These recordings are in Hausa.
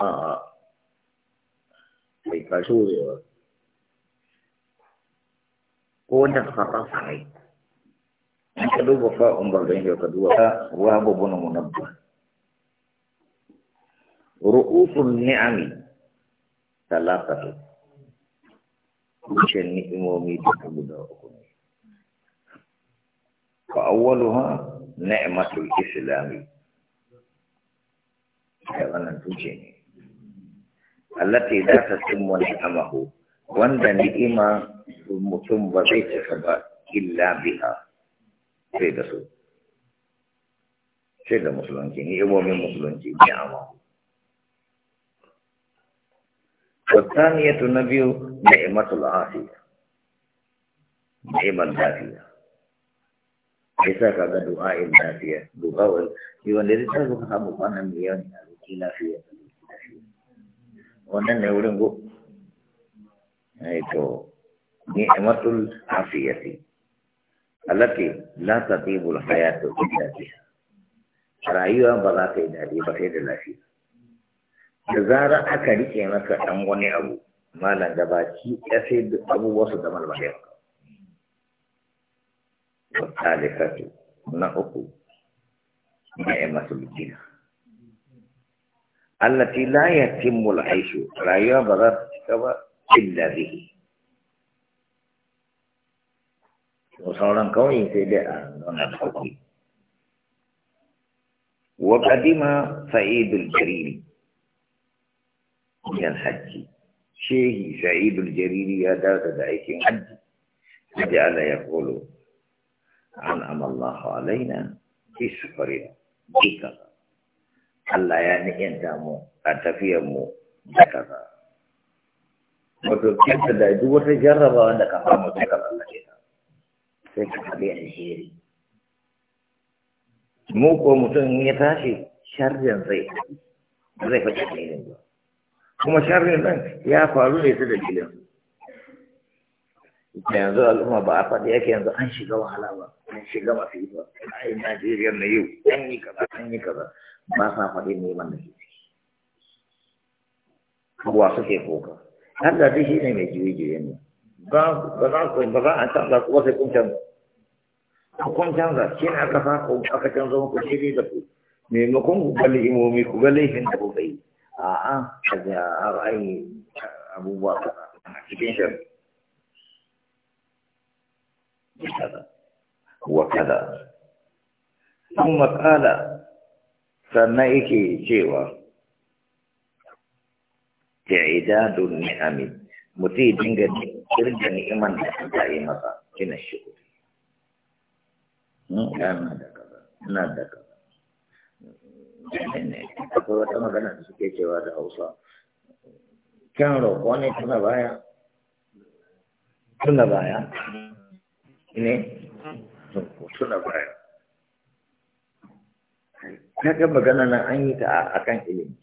a mai kashi wurewa ko wanda ta fara sarai ka duba fa'un barzan yau ka duba ta wa babbuna munabba ru'usun ni'ami talatatu wucin ni'imomi duka guda uku ne فأولها نعمة الإسلام هذا نتوجه allati la tatimmu ni'amahu wanda ni'ima mutum ba zai cika ba illa biha sai da su sai da musulunci ni'imomin musulunci ni'amahu والثانية النبي نعمة العافية نعمة العافية ليس كذا دعاء العافية دعاء يوم الذي تقول هم قانا مليون يا رجل العافية wannan ne wurin go to ni amatul afiyati allati la tatibu al-hayatu illa biha rayuwa ba za ta yi daɗi ba sai da lafiya da zara aka rike maka ɗan wani abu malam gabaki ya sai duk abubuwa su zama albarka da talifatu na uku ni'matul jina التي لا يتم العيش لا يبرد إلا به وصولا قوي سيداء وقدم سعيد الجريري من الحج شيخ سعيد الجريري هذا دعيك الحج فجعل يقول أنعم الله علينا في سفرنا بك Allah ya ni'inta mu a tafiyar mu da kaza wato kinta da duk wata jarrabawa da ka samu sai ka tsallake ta sai ka a shiri. mu ko mutum ya tashi sharjan zai zai da irin ba kuma sharjan nan ya faru ne su da Ita yanzu al'umma ba a faɗi yake yanzu an shiga wahala ba an shiga ba, ai Najeriya na yau an yi kaza an yi kaza ba sa faɗin neman da shi shi ne mai ne ba za a canza kuma sai kun canza kun canza canza da ku maimakon ku ga imomi ku kuka yi a'a abubuwa a cikin sannan yake cewa ta'idadun ni'ami mutum dinga kirga ni'iman da ta yi masa kina shi hmm, ina da kaza ina da kaza akwai wata magana da suke cewa da hausa kyan roƙo ne tuna baya tuna baya ne tuna baya kaga magana nan an yi ta a kan ilimi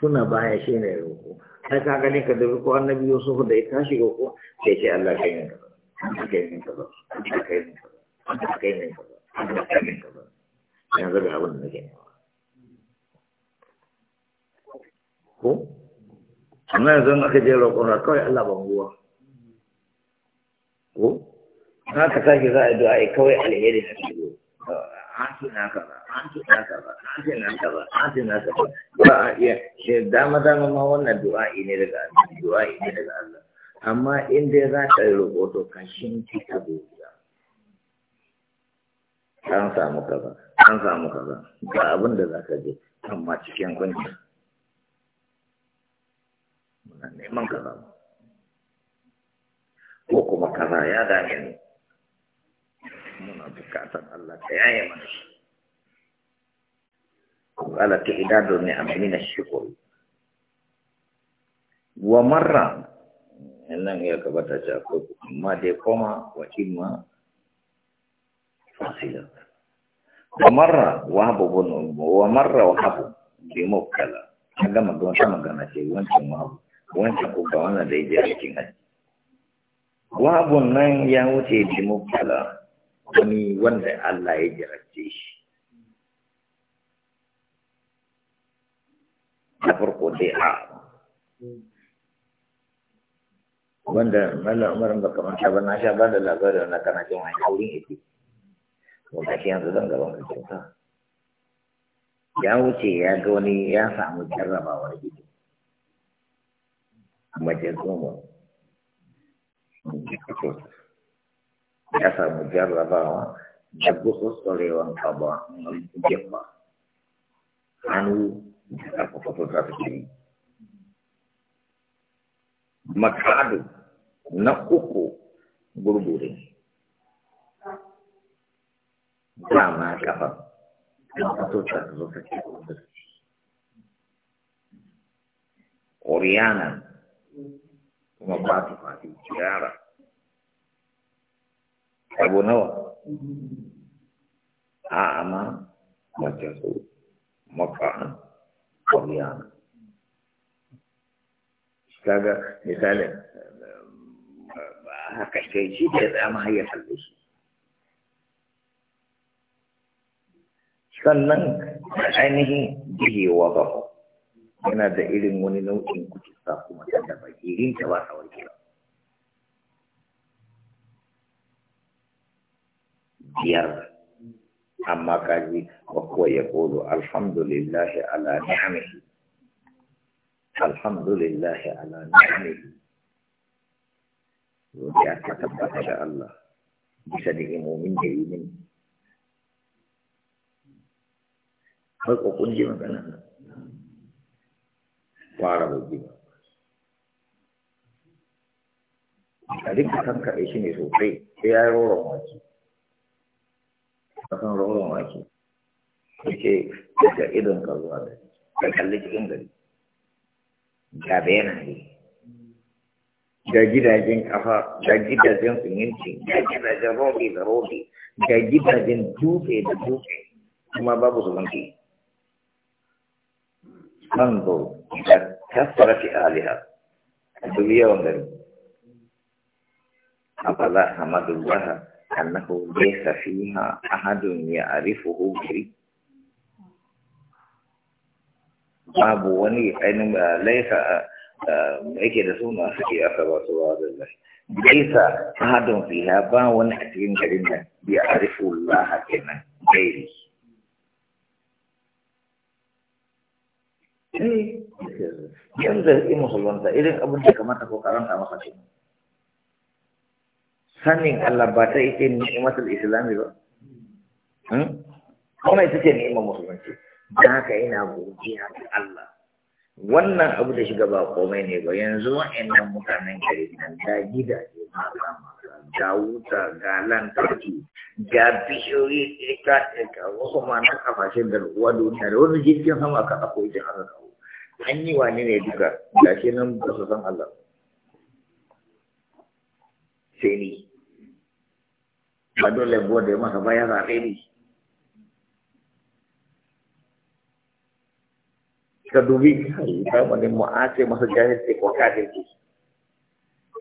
suna baya shi ne roƙo sai ka gani ka dabi ko annabi yusuf da ya tashi roƙo sai ce Allah kai ne kaza Allah kai ne kaza kai ne kaza kai ne kaza kai ne kaza yanzu ga abin da nake nema ko amma yanzu aka je roƙon ra kawai Allah ban ruwa ko haka sake za a yi du'a kawai alheri na ciwo an tuna ka ba an tuna ka ba an tuna ka ba an tuna ka ba ba a iya dama dama ma wannan du'a'i ne daga Allah du'a'i ne daga Allah amma in dai za ka yi roƙo ka shinki ka dubiya an samu kaza an samu kaza ga abin da za ka je amma cikin kunya muna neman kaza ko kuma kaza ya dame ni muna bukatan Allah ta yaye mana shi ta قال تعداد النعم من Wa marra, nan ya gabata ta ko amma dai koma wa ima fasila wa marra wa habu bunu, wa marra wa habu bi mukkala gama don sama gana ce wancan wa habu wancan ko ga wannan da a cikin haji wa habu nan ya wuce bi mukkala wani wanda Allah ya jarabce shi na farko dai a wanda mala umarin ba kamar sha na sha ba da labarin na kana jin wani wurin yake ko ga shi yanzu zan gaban kyauta ya wuce ya ga wani ya samu jarrabawar gidi mace goma ya samu jarrabawa da gutsutsurewan kaba jefa hannu da kafafato ta fi makadu na uku gurgurin dama kafa kafafato ta zo ta ce oriyanan kuma ba ta abu nawa a ama wacce su maka'an kwamiyana kaga misalin haka ce shi ke tsama hayar kalle shi sannan ainihin jihe yana da irin wani nau'in kutusa kuma ta da baki rinta ba a wajen بير أما كذي وهو يقول الحمد لله على نعمه الحمد لله على نعمه وجاء كتب إن شاء الله بسنه مؤمن جيمن هل أقول جيمة أنا فارغ جيمة Adik kan kat sini sopi, dia ayah orang macam kasan rogon wake yake daga idon ka zuwa da ka kalli cikin gari ga benaye ga gidajen kafa ga gidajen siminti ga gidajen robe da robe ga gidajen dutse da dutse kuma babu zumunci manzo da kasara fi aliha a duk yawan gari a fala hamadullah أنه ليس فيها أحد يعرفه بري باب وني أين ليس yake da suna suke aka ba su ba da zai laisa ahadun fiha ba wani a cikin garin nan bi arifu Allah kenan gairi eh yanzu in musulunta irin abin da kamata ko karanta masa kenan sanin Allah ba ta ita ni'imatul islami ba hmm? kuma ita ce ni'imar musulunci da haka ina godiya ga Allah wannan abu da shiga ba komai ne ba yanzu wa'annan mutanen gari nan da gidaje ba ba ga wuta ga lantarki ga bishiyoyi ita ita wasu ma na kafashin da ruwa duniya da wani jirgin sama aka ɗauko ita aka kawo an yi wani ne duka ga shi nan ba su san Allah sai ni ba dole gode masa ba ya zaɓe ni ka dubi kai ta wani mu'ace masa jahilci ko kafirci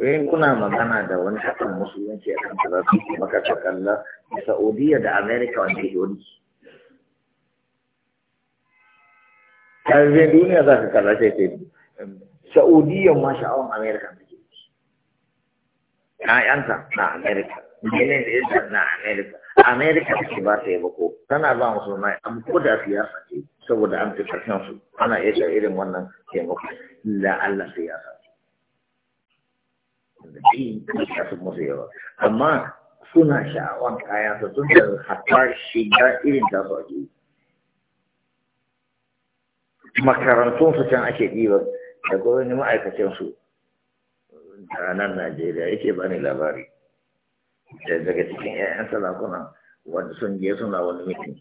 in kuna magana da wani akan musulunci a kan kaza su maka ka kalla Saudiya da Amerika wanda ke wani ƙarfin duniya za ka kalla sai ce Saudiya ma sha'awan Amerika ne ke ‘ya'yanta na Amerika menene da ya na Amerika Amerika take ba ta yaba ko tana ba musulmai abu ko da siyasa ce saboda an fi karshen su ana iya irin wannan taimako la Allah siyasa amma suna sha'awar kayan su sun da hatta shiga irin ta su ake makarantun su can ake ɗiban da gwamnati ma'aikacin su a nan Najeriya yake bani labari daga cikin 'ya'yan salakuna wanda sun je suna wani mutum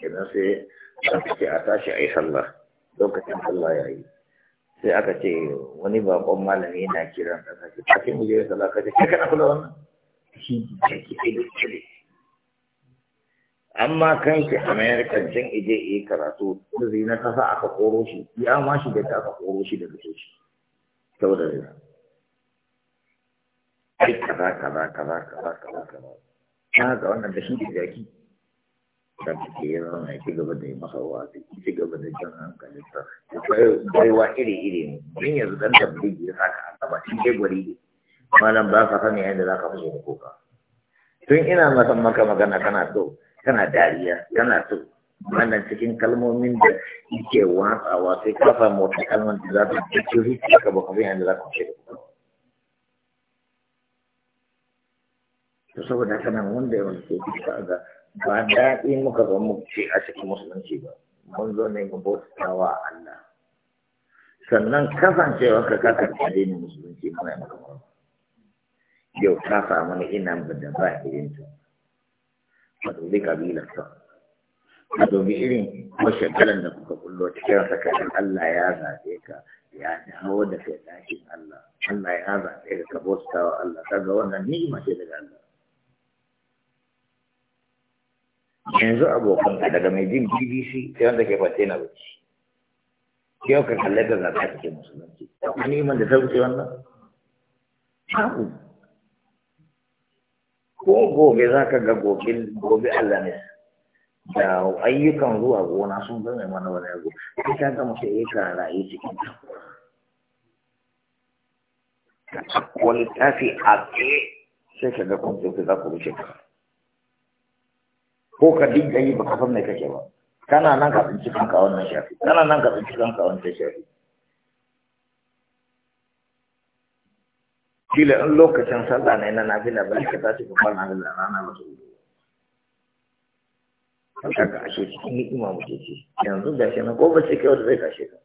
kenan sai a ce a tashi a yi sallah lokacin sallah ya yi sai aka ce wani bakon malami na kiran da sake tashi mu je sallah ka ce kai kana kula wannan shi ke da ke amma kan ke american can ije yi karatu zai na kasa aka koro shi ya ma shi da ta aka koro shi daga coci saboda zina ai kaza kaza kaza kaza kaza kaza ta ga wannan da shi da jaki da ke yi zama ya ci gaba da yi masa wasu ya ci gaba da jan hankali ta baiwa iri iri ne don yanzu dan tabbiji ya saka a gaba shi dai gwari ne malam ba ka sani yadda za ka da kuka tun ina masa maka magana kana so kana dariya kana so wannan cikin kalmomin da yake watsawa sai kafa mota kalmar da za ta ci ka yadda za ka da to saboda haka wanda ya wanke fuska ga ba daɗi muka zo mu ce a cikin musulunci ba mun zo ne mu bauta wa Allah sannan kasancewa ka ka karɓi ne musulunci muna maka murna yau ta samu ni ina da ba irin ta ka dubi kabilar ta ka dubi irin mashagalan da kuka kullo cikin sakarin Allah ya zaɓe ka ya dawo da kai ɗakin Allah Allah ya zaɓe ka bauta wa Allah kaga wannan ni'ima ce daga Allah yanzu abokan ka daga mai jin bbc sai wanda ke kwace na bacci yau ka kalle da zaka take musulunci akwai neman da ta wuce wannan babu ko gobe za ka ga gobe allah ne da ayyukan zuwa gona sun zama mana wani abu sai ka ga mutum ya kara yi cikin ka akwai tafi a ke sai ka ga kun tsofi za ku wuce ka ko ka dinga yi baka san me kake ba kana nan ka tsinci kanka wannan shafi kana nan ka tsinci kanka wannan shafi kila in lokacin sallah ne na nafila ba ka tashi ka fara da rana ba su haka ka ashe cikin ni'ima muke ce yanzu da shi na gobe ce kai wanda zai kashe ka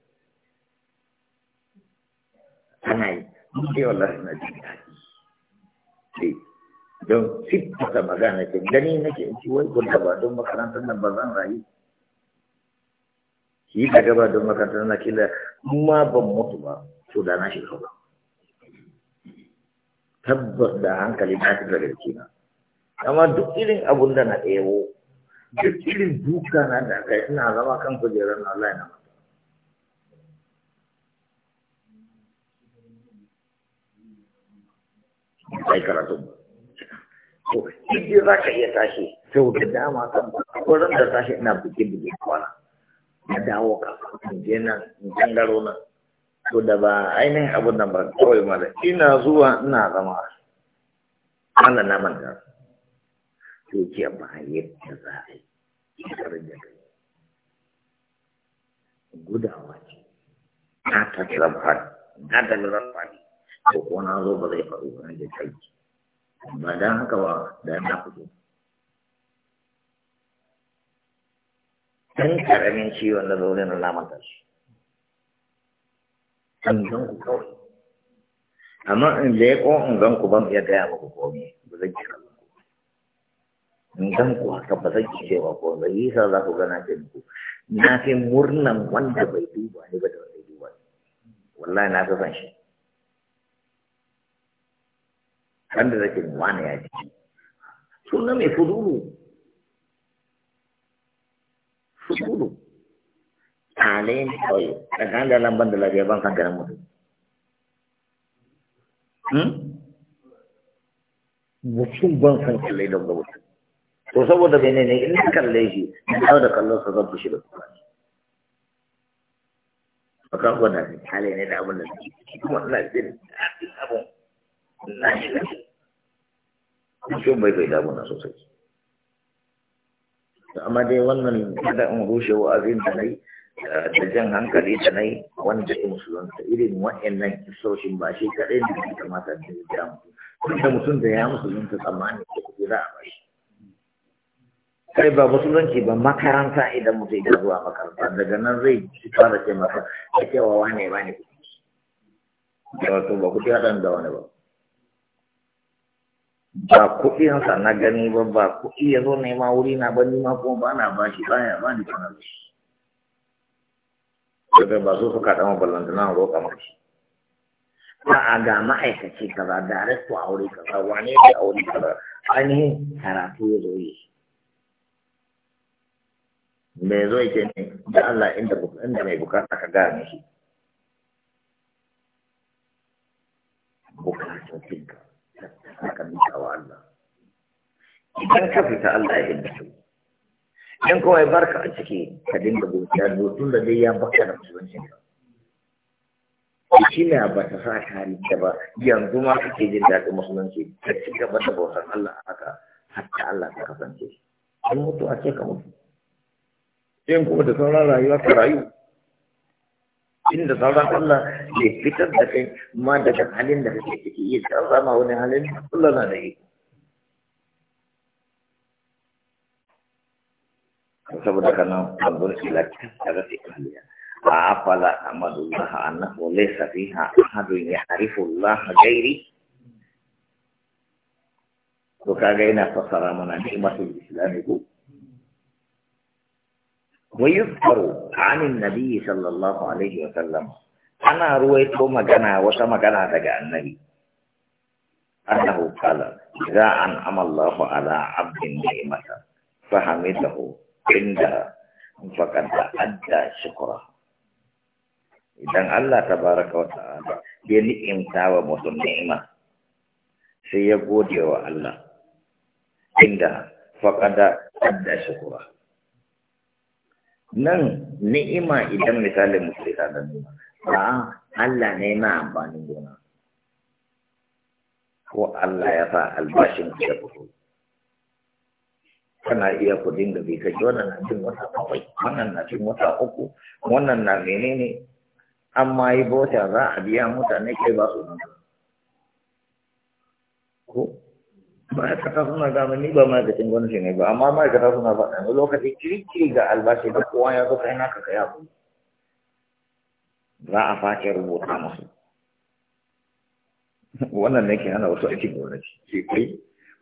ana yi ni dai wallahi na jin daɗi don siffata magana ce gani nake in ci wai guda ba don makarantar nan ba zan rayu yi ka gaba don makarantar na kila ma ban mutu ba to da na shiga ba tabbas da hankali na ta daga kina amma duk irin abun da na ɗewo duk irin duka na da kai ina zama kan kujerar na Allah na sai karatu to za ka iya tashi sau da dama kan wurin da tashi ina buke buke kwana na dawo ka je nan in gangaro nan to da ba ainihin abin nan ba kawai ma da ina zuwa ina zama ana na manta to ke ba yadda za a yi shekarun da ka yi. gudawa ce na ta kira na ta kira ba to ko zo ba zai faru ba ne da kai ba dan haka ba da na fito Ɗan karamin ciwon da zaune na lamanta shi an zan ku kawai amma in ko in zan ku ban iya gaya muku komai ba zan ki kallon ku in zan ku haka ba zan ki cewa ko zai yi sa za ku gana ce muku na fi murnan wanda bai duba ni ba da wanda duba wallahi na fi san shi kan da mu wani ya ji sunna mai fudulu fudulu tale ne kawai tsakanin da lamban da lafiya ban kan garin mutum hmm? mutum ban san kalle don ga mutum to saboda bai ne in ka kalle shi na dawo da kallon sa zan fushi da kuma akan gwada ne tale ne da abin da kuma ina jin daɗin abin na shi mutum bai bai damuna sosai amma dai wannan kada rushewa a zin da nai eh, da jan hankali da nai wanda ya musulunta irin wa'annan kisoshin ba shi kaɗai da ya kamata da ya ja mutum da mutum da ya musulunta tsammani da kuɗi za a bashi kai ba musulunci ba makaranta idan mutum ya zuwa makaranta daga nan zai fara ce masa ya cewa wane ba ne ba wato ba haɗa haɗan da wani ba ba kuɗinsa na gani ba ba kuɗi ya zo nema wuri na ba ma kuma ba na ba shi ya ba ni kana ba shi daga ba su suka dama ballantana na roƙa ma shi a ga ma'aikaci kaza darekto aure kaza wani ne aure kaza ainihin karatu ya zo yi me zo yake ne da Allah inda inda mai bukata ka gane shi bukatun kinka aka duka wa Allah idan ka fita Allah ya hidda su in kawai barka a ciki ka dinga godiya tun da dai ya baka na musulunci shi na ba ta sa kari da ba yanzu ma kake jin daɗin musulunci ka ci gaba da bautar Allah a haka hatta Allah ta kasance in mutu a ce ka mutu in kuma da sauran rayuwa ka rayu inda sauran Allah bai fitar da kai ma daga halin da kake ciki ya canza ma wani halin Allah na da iko saboda kana a ilakin daga a afala amadullah annahu laysa fiha ahadun ya'rifu Allah Gairi. to kaga ina fasara mana ni masu islami ko ويذكر عن النبي صلى الله عليه وسلم أنا رويت مجانا وسمجانا دجا النبي أنه قال إذا أنعم الله على عبد نعمة فحمده عند فقد أدى شكره إذن الله تبارك وتعالى ya ni'imta wa mutum ni'ima sai ya gode wa Allah inda faƙada adda shukura nan ni'ima idan misalin mutum ta da nuna ba Allah ne na amfanin gona ko Allah ya sa albashin ku ya fito kana iya ku dinga bi ka wannan na cin wata bakwai wannan na cin wata uku wannan na menene amma yi bota za a biya mutane kai ba su nan ko ma'aikata suna gano ni ba ma'aikacin gwamnati ne ba amma ma'aikata suna ba a lokacin kirkiri ga albashi da kowa ya zo kai naka ka yabo za a face rubuta masu wannan ne ke hana wasu aikin gwamnati ke kai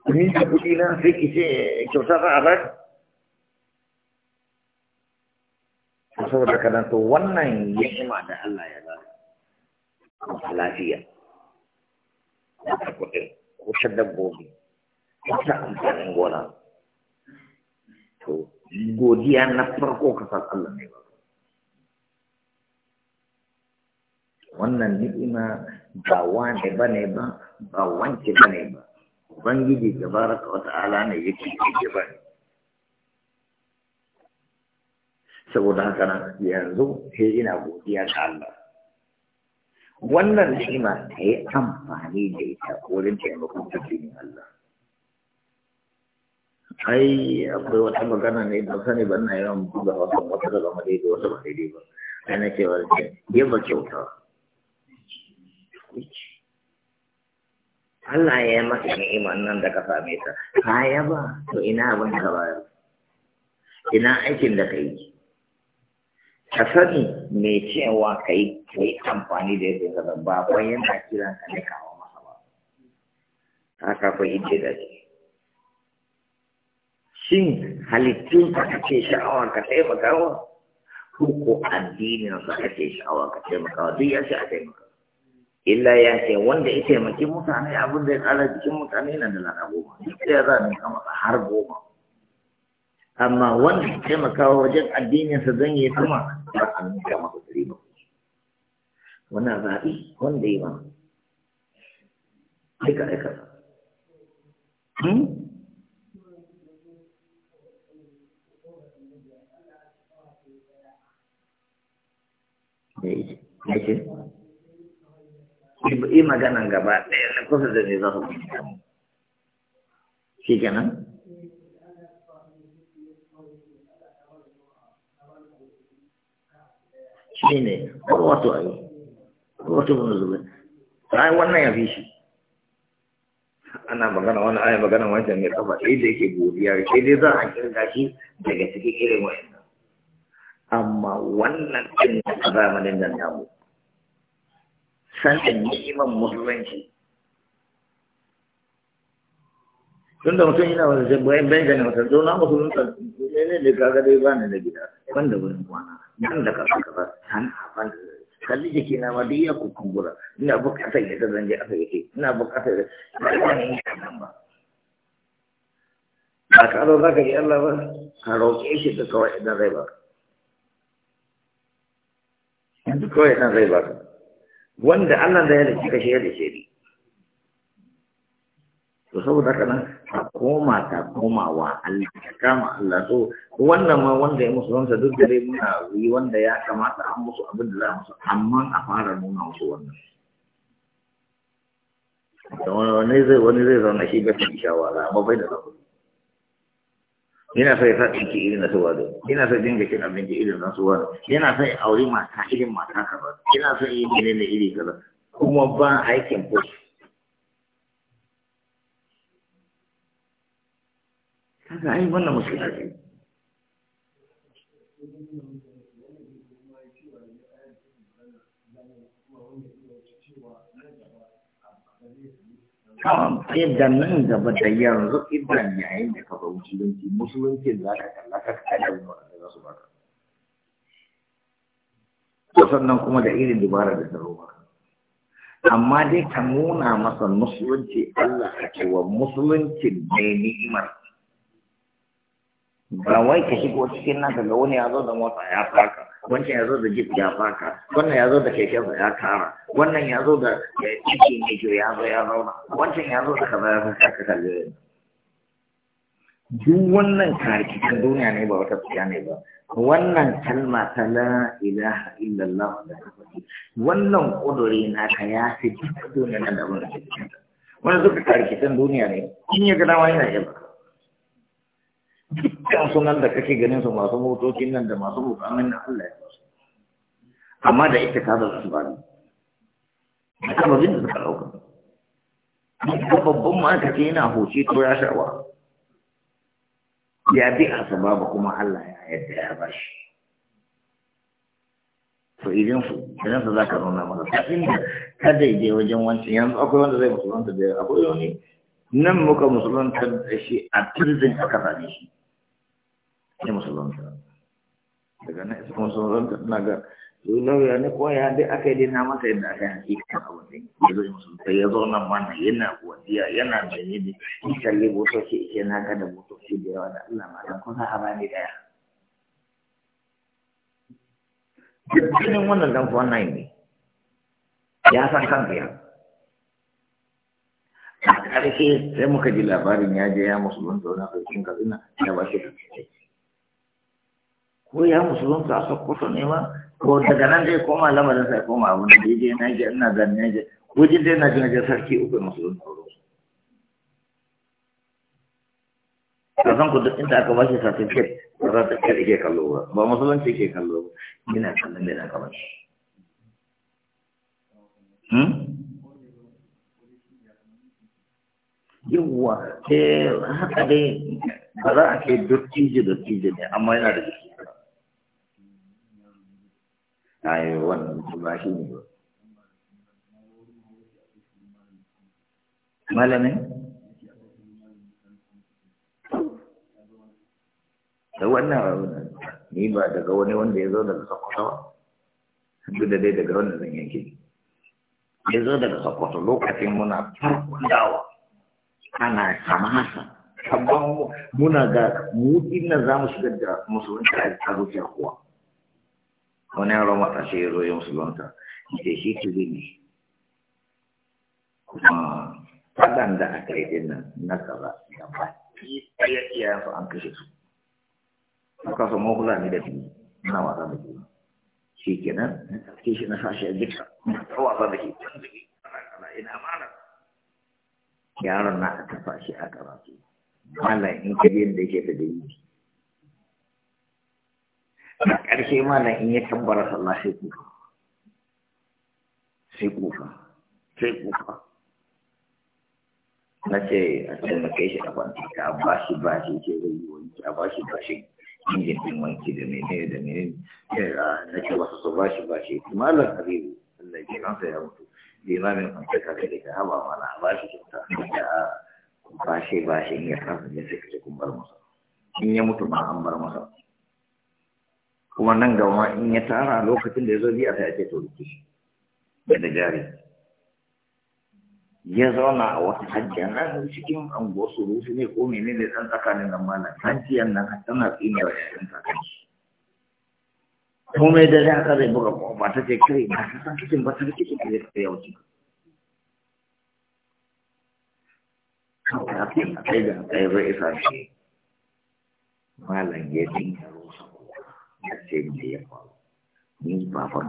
kuni ta kuɗi na sai ki ce kyauta za a ba saboda kadan to wannan ni'ima da Allah ya ba lafiya da kuɗin ko ta dabbobi ta amfanin gona to godiya na farko ka san Allah ne ba wannan ni'ima ba wane ba ne ba ba wance ba ne ba ubangiji tabaraka wa ta'ala ne yake yake ba saboda haka nan yanzu sai ina godiya ga Allah wannan ni'ima ta yi amfani da ita wurin taimakon addinin Allah ai akwai wata magana ne ba sani ba na yawan buga wata wata daga madaidai wata ba daidai ba sai na cewa ce ba kyauta Allah ya yi yin iman nan da ka mai ta ka ba to ina abin ka bayar ina aikin da ka yi ka sani me cewa ka yi amfani da yadda ka ba bayan ka kiran ka ne kawo masa ba haka ku yi ce da shi shin halittun ka kace sha'awa ka taimakawa ko ko na ka ce sha'awa ka taimakawa duk ya ce a taimaka illa ya ce wanda ya taimaki mutane abin da ya kara jikin mutane na da lana goma ya za a kama har goma amma wanda ya taimakawa wajen addininsa zan yi sama ba a nika maka ɗari ba wani zaɓi wanda ya ba aika aika Hmm? ya ce yi maganan gaba ɗaya na kusa da ne za su shi kenan shi ne ƙwarwato a yi ƙwarwato mun zuwa ai wannan ya fi shi ana magana wani aya magana wancan mai kafa sai da yake godiya sai dai za a kirga shi daga cikin irin wa'in amma wannan ɗin a zamanin nan namu sanin ni'imar musulunci tun da mutum yana wani bayan bayan ganin wata zauna musulunta ne ne da kaga dai ba ni da gida ban da wani kwana ban da kasa kasa san ban kalli jiki na ma duk ya kukumbura ina bukatar ya zan je aka yake ina bukatar ya ta ina ne nan ba ba ka zo za ka yi Allah ba ka roƙe shi da kawai idan zai ba yanzu kawai ɗan zai ba wanda Allah da ya da shi kashe ya da shi to saboda haka nan ta koma ta koma wa Allah ta kama Allah to wannan ma wanda ya wanda duk dare muna yi wanda ya kamata an musu abin da za musu amma a fara nuna musu wannan wani zai wani zai zauna shi bai shawara amma bai da zafi yana sai sa ɗinki irin na suwa don yana sai dinga abin abinci irin na suwa don yana sai auri mata irin mata ka ba yana sai yi ne na iri kaza kuma ba aikin push kaga ai wannan musulunci. yadda nan gaba da yanzu idan yayin da ka musulunci musulunci za ka kalla ka kada wani za su baka sannan kuma da irin dubara da ta roba amma dai ka nuna masa musulunci Allah ka cewa wa musulunci ne ni'imar ba wai ka shigo cikin nan ga wani ya zo da mota ya faka wancan ya zo da jeep ya faka wannan ya zo da keken ba ya kara wannan ya zo da ciki ne ke ya zo ya zauna wancan ya zo da kaza ya faka ka kalle duk wannan karkikin duniya ne ba wata tsiya ne ba wannan kalma ta la ilaha illallah da ka faɗi wannan ƙuduri na ka ya fi duk duniya na da wani cikin wani zuka karkitan duniya ne in ya ga dama yana yaba sunan da kake ganin su masu motocin nan da masu hukamin na Allah ya basu amma da ita ka da su ne, da kama bin da suka dauka duka babban ma'aikaci yana hoci to ya sha'awa ya bi a sababa kuma Allah ya yadda ya bashi to idan su idan su ka nuna masa ta inda ka daidai wajen wancan yanzu akwai wanda zai musulunta da akwai wani nan muka musulunta da shi a turzin aka zane shi Ni ya musulunta daga na isa musulunta na ga yau lauya ne ko ya dai aka yi na masa yadda aka yi hakika a wani ya zo musulunta ya zo nan mana yana godiya yana da yi ne kalli motoci ike na ga da motoci da yawa da Allah ma dan kusa a bani daya cikin wannan dan fa wannan ne ya san kanka ya a ƙarshe sai muka ji labarin ya je ya musulunta wani abokin kazina ya ba shi da ko ya musulunta a sokoto ne nema ko daga nan zai koma lamarin sai koma abin da daidai na ji ina zan na ji jin dai na ji na ji sarki uku musulunta san ku duk inda aka bashi certificate ba za ta kare ke kallo ba ba musulunci ke kallo ba ina kallon da aka bashi hmm? yawwa ke eh, haka dai ba za a ji dutti ji ne amma yana da jiki na yi ba shi ne ba malamin da wannan ni ba daga wani wanda ya zo daga sakwato duk da dai daga wanda zan yanke ya zo daga sakwato lokacin muna farkon dawa ana kamasa kamar muna ga mu inna za mu shigar da musulunci a zuciyar kuwa. wani yaro matashi ya zo ya musulunta da shi tuli ne kuma fadan da aka yi din nan na gaba da baki ɗaya su an kashe su suka samu hula da biyu na wasa da biyu shi kenan na shi na sashi a jika na wasa da ke ina yaron na in kaje da yake da dalili ƙarshe ma nan in ya tambara sallah sai kufa sai kufa sai kufa na ce a kai shi a kwanci ka ba shi ba shi ke zai yi wanki a ba shi ba shi injin ɗin wanki da mene da mene na ce wasu su ba shi ba shi malar habibu Allah ke ransa ya mutu limamin kwanci ka kai ka haba mana a ba shi kyauta ba shi ba shi in ya kafa ne sai ka ce kun bar masa in ya mutu ma an bar masa kuma nan gaba in ya tara lokacin da ya zo biya sai ake to rikici da da jari ya zauna a wata hajjiya nan cikin anguwar rufi ne ko ne dan tsakanin nan mana hajjiyar nan tana tsini wa yayin kakanci komai da zai kare buga ba ta ce kai ba ta san kicin ba ta kicin da ta yau ci kafin a kai da kai ba isa shi malam ya dinga rusa sai da ya faru ni ba fa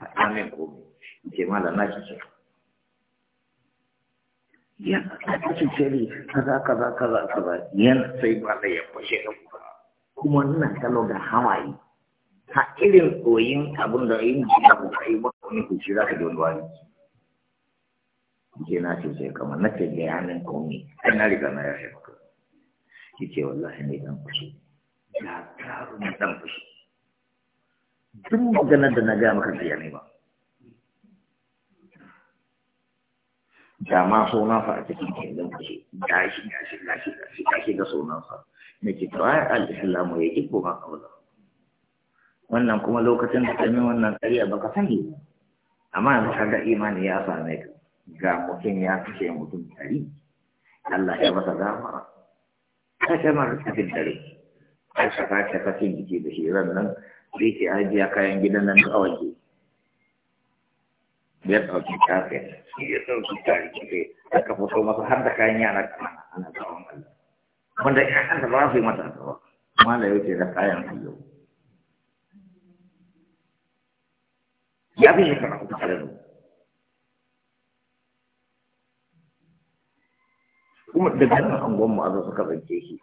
faɗa min komai ce malam na ki ce ya ka kaza ceri kaza kaza kaza kaza yan sai malam ya fashe da kuka kuma ina kalo da hawaye ha irin koyin abin da yin jina ko kai ba wani kuci za ka ji wani ke na ce sai kamar na ce bayanin komai ai na riga na ya shi maka ki ce wallahi ne dan fushi ya karu na dan fushi duk maganar da na gaya maka siya ne ba da ma sunansa a cikin kingdom ce gashi gashi gashi gashi gashi ga sunansa Me ce to ai al-islamu ya ki kuma kaula wannan kuma lokacin da kai wannan ƙarya baka sani ba amma yanzu ka ga imani ya same ka ga mutum ya kashe mutum ɗari Allah ya masa gafara ka ce mara cikin dare ka shaka ka kashe jiki da shi ran nan Rike ajiya kayan gidan nan a waje. Ya ɗauki kafin, ya ɗauki kafin, aka fito masa har da kayan yara kanana ana tsawon Allah. Wanda ƴaƴanta ba su yi mata tsawa, amma da yau da kayan Allah. Ya fi shekara uku tare da Kuma daga nan an gwamma a zo suka zance shi,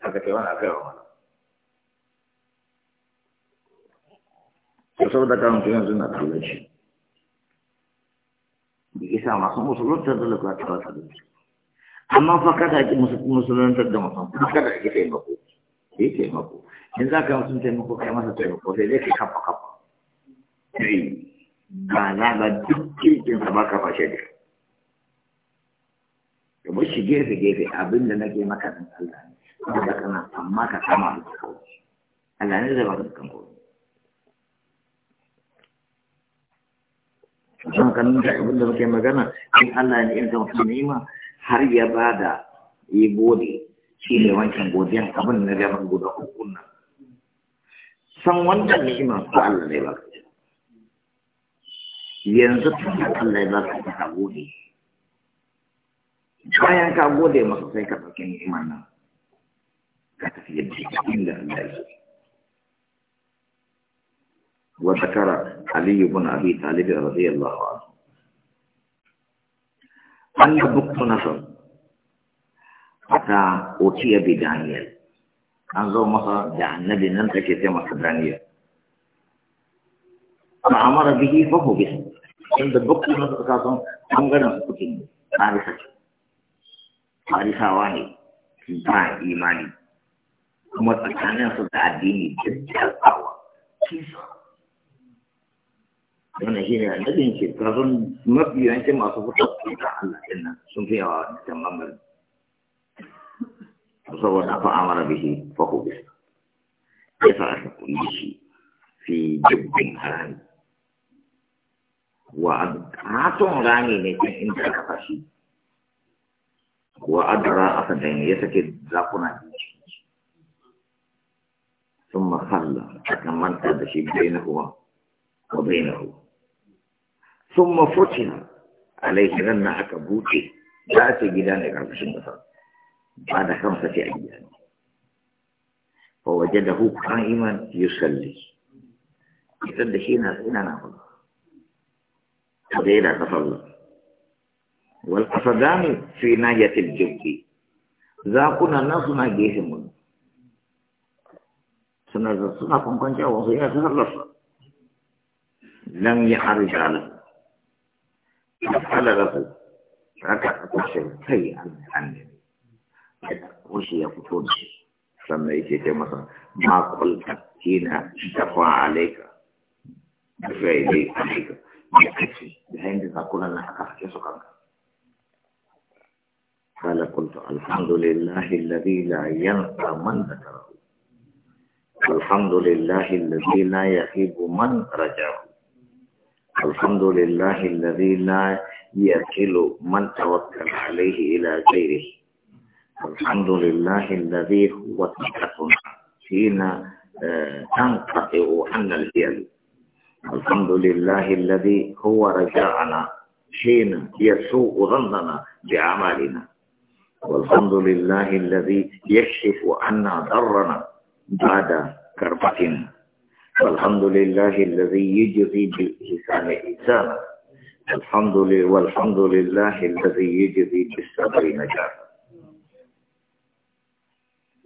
da saboda kan mutum yanzu na kallon shi da isa masu musuluntar da lokacin ta wata amma fa kada ki musuluntar da mutum kuma kada ki mako. ki mako. in za ka mutum taimako kai masa taimako sai dai ka kafa kafa ba za ga duk kirkin sa ba ka fashe da ka bar shi gefe gefe abin da nake maka dan Allah ne saboda kana amma ka kama da kawai Allah ne zai ka kan kowa. don kanin da abin da muke magana in Allah ya irga wata ni'ima har ya bada yi gode shi ne wancan godiyan abin na gaban guda uku nan san wannan ni'ima ko Allah ne ba yanzu tun Allah ya ba ka gode bayan ka gode masa sai ka ɗauki ni'ima nan ka tafi yadda inda Allah ya وذكر علي بن أبي طالب رضي الله عنه أن بكت نصر حتى أوتي بدانيال أنظر مصر النبي ننتكي في مصر دانيال فأمر به فهو بس إن بكت نصر كاتم أنغر سكتين عارفة عارفة واحد با إيماني kuma tsakaninsu da addini جدا jarabawa kisa wannan shi ne annabin shi kafin mafi masu fita da Allah ɗin nan sun fi yawa da mamar saboda fa amara bihi fa hubi ya sa aka kulle shi fi dubbin harami wa raton rami ne kan inda aka fashi wa adara aka dan ya sake zakuna na خلى wa bai na وبينه ثم فتن عليه لأن أكبوتي ذات جدان كربشين بصر بعد خمسة أيام فوجده قائما يصلي يصلي حين أنا نقول غير تصلى والقصدان في ناية الجب ذاقنا نصنا جيهم سنة سنة كنت وصيها لم يحرج عليه حلل القلب ركع ركعتين هي عن عن وش يقصد لما يجي مثلا ما قلت هنا دفع عليك دفع عليك يكفي الحين إذا كنا نحكي في قال قلت الحمد لله الذي لا ينسى من ذكره والحمد لله الذي لا يحب من رجعه الحمد لله الذي لا يكل من توكل عليه إلى غيره الحمد لله الذي هو ثقتنا حين اه، تنقطع عنا الهيل الحمد لله الذي هو رجاءنا حين يسوء ظننا بعمالنا والحمد لله الذي يكشف عنا ضرنا بعد كربتنا والحمد لله الذي يجزي بالإحسان إحسانا الحمد لله والحمد لله الذي يجزي بالصبر نجاة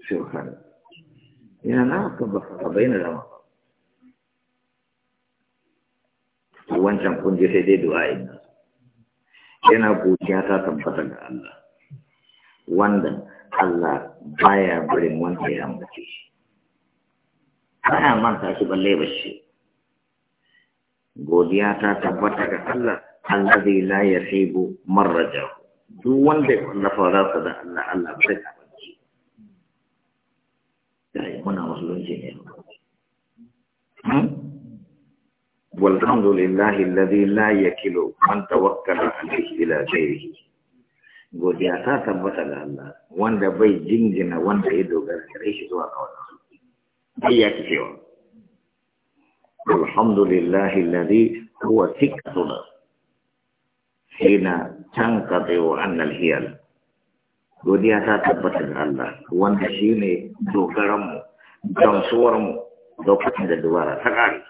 سبحان يا ناقب بين الأمام wancan kun je sai dai du'a ina yana godiya ta tabbata ga Allah wanda Allah baya barin ana manta shi balle shi. godiya ta tabbata ga Allah allazi la yasibu marraja duk wanda ya kwalla fara sa da Allah Allah shi. ka banci dai muna musulunci ne والحمد لله الذي لا يكل من توكل عليه الى غيره godiya ta tabbata ga Allah wanda bai jingina wanda ya dogara gare shi zuwa الحمد لله الذي هو ثقتنا حين تنقطع عنا الحيل ودي اتثبت الله وان شيني دو كرم دو صورم دو كتند دوارا تقاري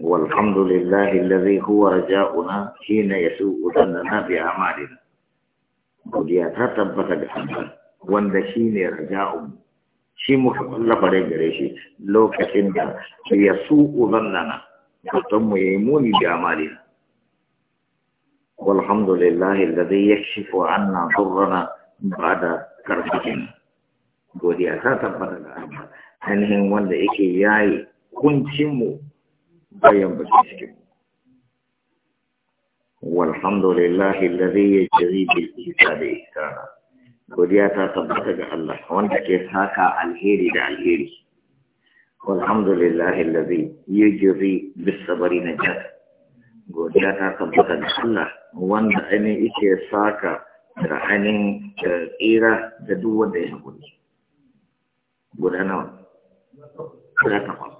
والحمد لله الذي هو رجاؤنا حين يسوء لنا بأعمالنا ودي اتثبت الله وان شيني رجاؤنا shi muka kullafa dai gare shi lokacin da ya su nana mutum mu yi muni da amali walhamdulillahi an na anna ba ba'da karfafin godiya ta tabbata da amma ainihin wanda yake yayi kuncin mu bayan ba cikin والحمد لله الذي يجري بالإنسان إحسانا godiya ta tabbata ga Allah wanda ke saka alheri da alheri walhamdulillahi allazi yujri bis sabri najat godiya ta tabbata ga Allah wanda ainihin yake saka da ainihin tsira da duk wanda ya hakuri guda nawa guda takwas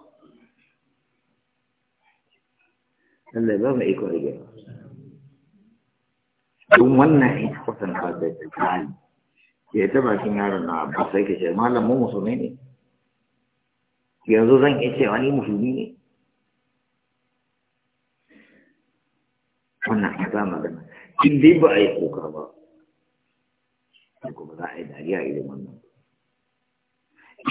Allah ba mu iko rige Duk wannan ita kwatanta da tsari ya ta bakin yaron na ba sai ka ce malam mu musulmi ne yanzu zan iya cewa ni musulmi ne wannan a za magana in dai ba a yi kuka ba kuma za a yi dariya irin wannan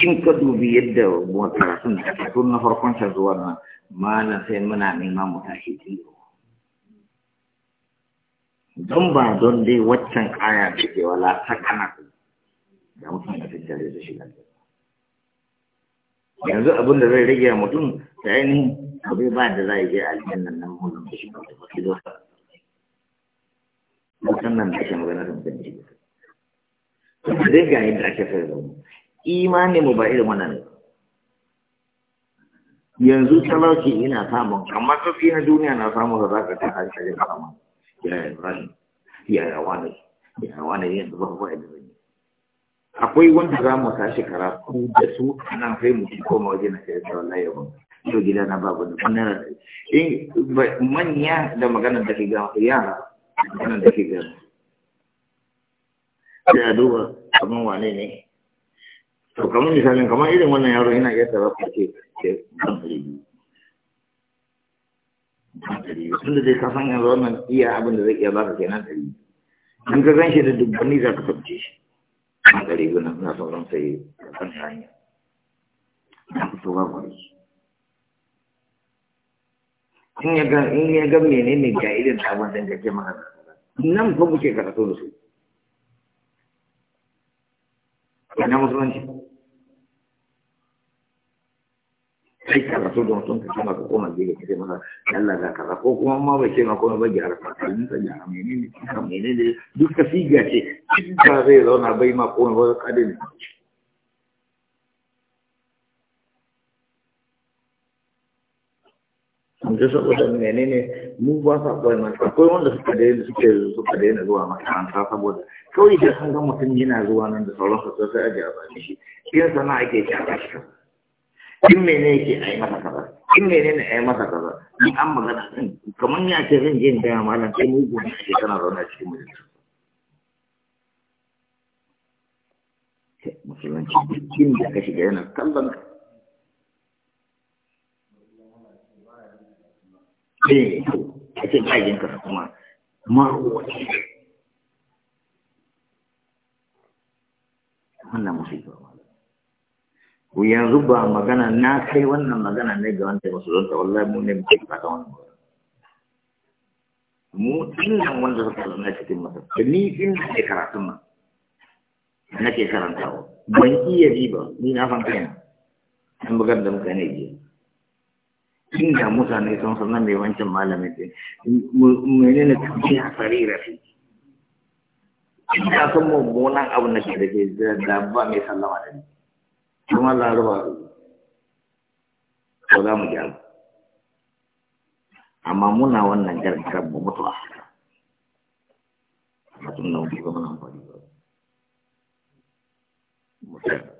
in ka dubi yadda makarantun da ta tun na farkon ta zuwa na mana sai muna neman mu tashi biyu don ba don dai waccan aya da ke wala ta kana da mutum na tattare da shi yanzu abin da zai rage mutum da ainihin abu ba da za a je aljannan nan mulun da shi ba da wasu zo mutum nan da ake magana da mutum da kuma dai ga yadda ake fara da mu imani mu ba irin wannan ne yanzu talauci ina samun amma kafi na duniya na samun da za ka ta hankali ba ya yi rani ya yi rawa ne ya yi rawa ne yanzu ba ba yadda zai akwai wanda za mu tashi karatu da su nan sai mu ci koma waje na sai da wallahi yau to gida na babu da wannan in eh, manya da maganar da ke ya yara maganar da ke gama. sai a duba kamar wane ne to kamar misalin kamar irin wannan yaro yana iya tara ku ce ke ban ribi ban da tunda dai ka yanzu wannan iya abin da zai iya baka kenan ribi in ka gan shi da dubbani za ka tabbace shi a gari guna na sauran sai kan hanya na fito ba kwari in ya ga in ya ga menene ga irin sabon da kake maka nan fa muke karatu da na kai karatu da mutum ka kama ka koma gida ka ce masa Allah za ka ko kuma ma bai ce ma ba gyara fasalin sa gyara menene kika menene duk ka siga ce ba zai zauna bai ma komai ba kadin da saboda menene mu ba sa kawai mata akwai wanda suka daina suke suka daina zuwa makaranta saboda kawai da san ga mutum yana zuwa nan da sauransa sai a ji a bashi shi yin sana'a ake ci a bashi in mene yake a yi masa kaza in mene ne a yi masa kaza ni an magana kamar ya ce zan je in gaya malam sai mu kana zauna cikin mutum musulunci dukkin da ka shiga yana kallon ka eh, kuma wannan musulunci yanzu ba magana na kai wannan magana ne ga wanda masu zonta wallahi mu ne mutum fata wannan magana mu dinnan wanda suka zama cikin masa da ni din da ke karatun nan nake karantawa ban iya ba ni na san kaina an bugar da mutane biyu inda mutane sun san nan mai wancan malami ne ne tafiya a sarira fi inda san mummunan abu na ke da ke da ba mai sallama da ni kuma laraba ko za mu gyara amma muna wannan garkar mu mutu a haka mutum na wuce ba muna amfani ba